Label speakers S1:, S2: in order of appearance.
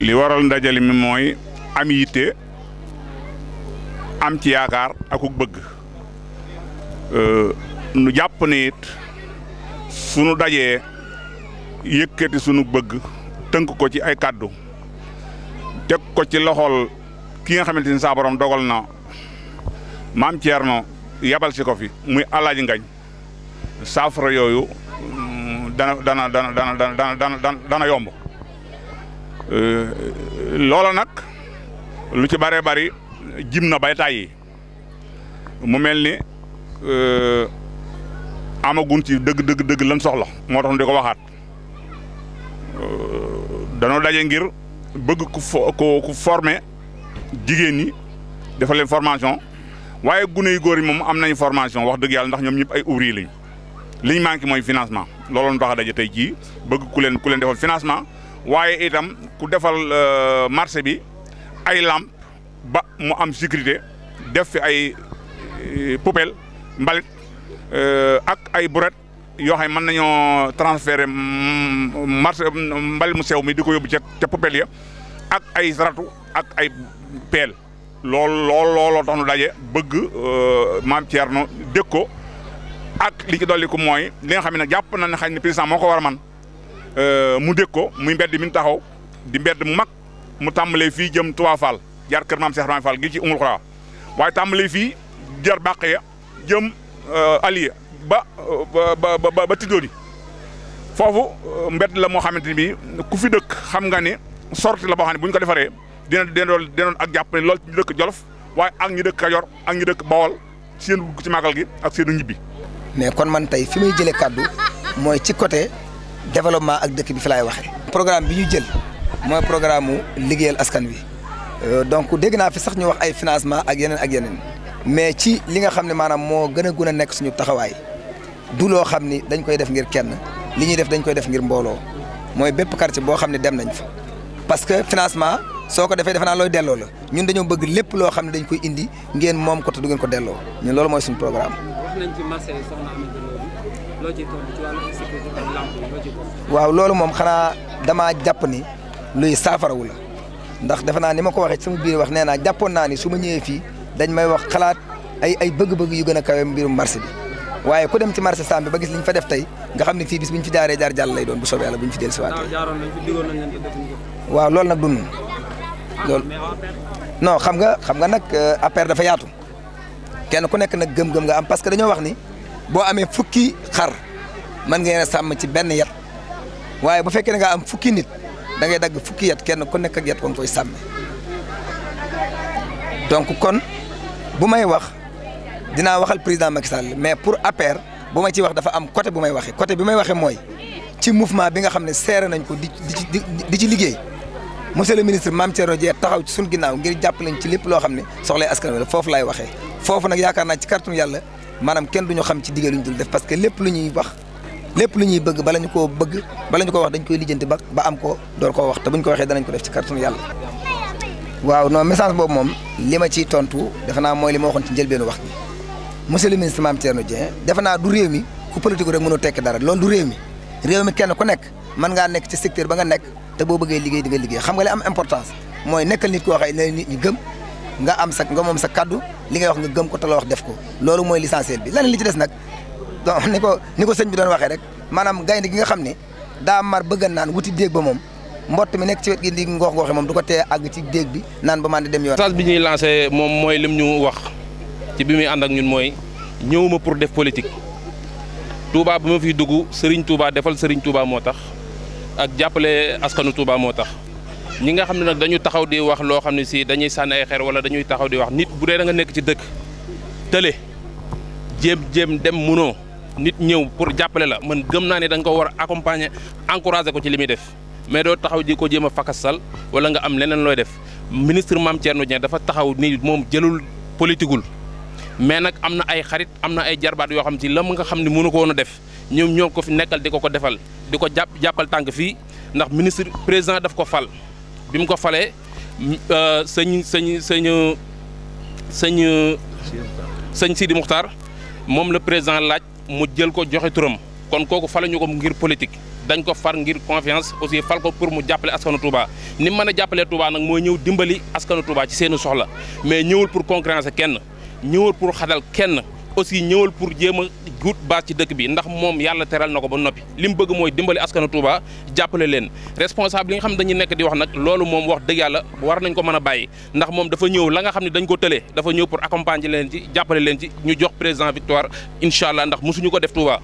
S1: li waral ndajale mi mooy am yitte am ci yaakaar akuk bëgg euh, nu jàpp ne it sunu dajee yëkkati sunu bëgg tënk ko ci ay kàddu teg ko ci loxol ki nga xamante ni saa borom dogal na maam Thierno yabal si ko fi muy alaaji ngañ saafara yooyu mm, dana dana dana dana dana dana dana yomb Euh, loola nag lu ci bëree bari jim na bay tàyyi mu mel ni euh, amagun ci dëgg dëgg dëgg lan soxla moo tax ñu di ko waxaat euh, danoo daje ngir bëgg ku ko ku former jigéen ñi defal leen formation waaye gune yu góor yi moom am nañu formation wax dëgg yàlla ndax ñoom ñëpp ay ouvrier lañ liñ manqué mooy financement looloon tax a daje tey jii bëgg ku leen ku leen defal financement waye itam ku defal euh, marché bi ay lampe ba mu am sécurité def fi ay euh, poubelle mbalit euh, ak ay buret yo xay man nañu transférer marché mbal mu sew mi diko ko ci poubelle ya ak ay zaratu ak ay pel, lol lol lol tax nu dajé bëgg maam Thierno dégg ak li ci doliku moy li nga xam japp na ne président moko man Euh, mu dekk ko muy mbedd mi taxaw di mbedd mu mag mu tàmbalee fii jëm Touba Fall jar kër maam Cheikh Ibrahima Fall gi ci umul xuraa waaye tàmbalee fii jar bàq ya jëm euh, Aliya ba ba ba ba tidori foofu euh, mbedd la moo xamante bi ku fi dëkk xam nga ne sorti la boo xam ne bu ñu ko defaree dina dina ak jàpp ne lool ñu dëkk Jolof waaye ak ñu dëkk Kajoor ak ñu dëkk Bawol seen ci màggal gi ak seen ñibbi.
S2: mais kon man tey fi may jëlee kàddu mooy ci côté. développement ak dëkk bi fi laay waxee. programme bi ñu jël mooy programme mu liggéeyal askan wi euh, donc dégg naa fi sax ñu wax ay financement ak yeneen ak yeneen mais ci li nga xam ne maanaam moo gën a gun a nekk suñu taxawaay du loo xam ni dañ koy def ngir kenn li ñuy def dañ koy def ngir mbooloo mooy bépp quartier boo xam ne dem nañ fa. parce que financement soo ko defee defe naa looy delloo la ñun dañoo bëgg lépp loo xam ne dañ koy indi ngeen moom ko te du ngeen ko delloo loolu mooy suñu programme. wax nañ loo waaw loolu moom xanaa damaa jàpp ni luy saafarawu la ndax defe naa ni ma ko waxee sama biir wax nee naa jàppoon naa ni su ma ñëwee fii dañ may wax xalaat ay ay bëgg-bëgg yu gën a mu mbirum marché bi waaye ku dem ci marché Sam ba gis li ñu fa def tey nga xam ne fii bis bu ñu fi jaaree jaar jàll lay doon bu soobee yàlla bu ñu fi dellusiwaatee. waaw jaaroon nañ waaw loolu nag du nun loolu xam nga xam nga nag euh, affaire dafa yaatu kenn ku nekk nag gëm-gëm nga am parce que dañoo wax ni boo amee fukki xar mën ngeen a sàmm ci benn yat waaye bu fekkee ne nga am fukki nit da ngay dagg fukki yat kenn ku nekk ak yat ko nga koy sàmme donc kon bu may wax dinaa waxal président Macky Sall mais pour APR bu ma ci wax dafa am côté bu may waxee côté bi may waxee mooy ci mouvement bi nga xam ne seere nañ ko di di di ci liggéey monsieur le ministre Mame Thierno Dieng taxaw ci suñ ginnaaw ngir jàpp lañ ci lépp loo xam ne soxlay askan wi foofu laay waxee foofu nag yaakaar naa ci kàttanu yàlla maanaam kenn ñu xam ci digée lu ñu dul def parce que lépp lu ñuy wax lépp lu ñuy bëgg bala ñu koo bëgg bala ñu wax dañ koy lijjanti ba ba am ko door koo wax te buñ ko waxee danañ ko def ci kàttanu yàlla waaw non message boobu moom li ma ciy tontu defe naa mooy li ma waxoon ci njëlbeenu wax bi monsieur le ministre Mame Thierno naa du réew mi ku politique rek mënoo tekk dara lool du réew mi réew mi kenn ku nekk mën ngaa nekk ci secteur ba nga nekk te boo bëggee liggéey di nga liggéey xam nga li am importance mooy nekkal nit koo xëy ne nit ñi gëm nga am sa nga moom sa kàddu li nga wax nga gëm ko te la wax def ko loolu mooy l'essentiel bi leneen li ci des nag donc ni ko ni ko sëñ bi doon waxee rek maanaam gaynde gi nga xam ne daa mar bëgg naan wuti déeg ba moom mbott mi nekk ci wet gi di ngoox ngooxe moom du ko tee àgg ci déeg bi naan ba man di dem yoon
S3: message bi ñuy lancé moom mooy lim ñu wax ci bi muy ànd ak ñun mooy ñëwuma pour def politique Touba bi ma fiy dugg Serigne tuubaa defal Serigne Touba moo tax ak jàppale askanu Touba moo tax ñi nga xamne nak dañu taxaw di wax lo xamne ne si dañuy san ay wala dañuy taxaw di wax nit bu dee da nga nek ci dëkk dem muno nit ñew pour jappalé la man gëm na ne da nga war accompagner encourager ko ci limi def mais do taxaw di ko jema fakassal fakasal wala nga am lenen loy def ministre mam Thierno Dieng dafa taxaw ni mom jëlul politiqueul mais nak amna ay xarit amna ay jarbaat yo xam ci lam nga xam ko wona def ñom ñoko ko fi nekkal diko ko defal diko japp jappal tank fi ndax ministre président daf ko fal bim ko falé euh sëñ sëñ Sidi mukhtar mom le président de mu jël ko joxe kon ngir politique dañ ko far ngir confiance aussi fal ko pour mu jappelé askanu Touba ni meuna jappelé Touba nak dimbali askanu Touba ci seenu soxla mais ñewul pour concurrence kenn ñewul pour xadal kenn aussi ñëwal pour jéem a guut base ci dëkk bi ndax moom yàlla teral na ko ba noppi li mu bëgg mooy dimbali askanu Touba jàppale leen responsable yi nga xam ne dañuy nekk di wax nag loolu moom wax dëgg yàlla war nañ ko mën a bàyyi ndax moom dafa ñëw la nga xam ne dañ ko tëlee dafa ñëw pour accompagner leen ci jàppale leen ci ñu jox président Victoire incha allah ndax suñu ko def Touba